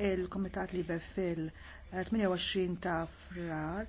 il-Komitat Liber fil-28 ta' Frar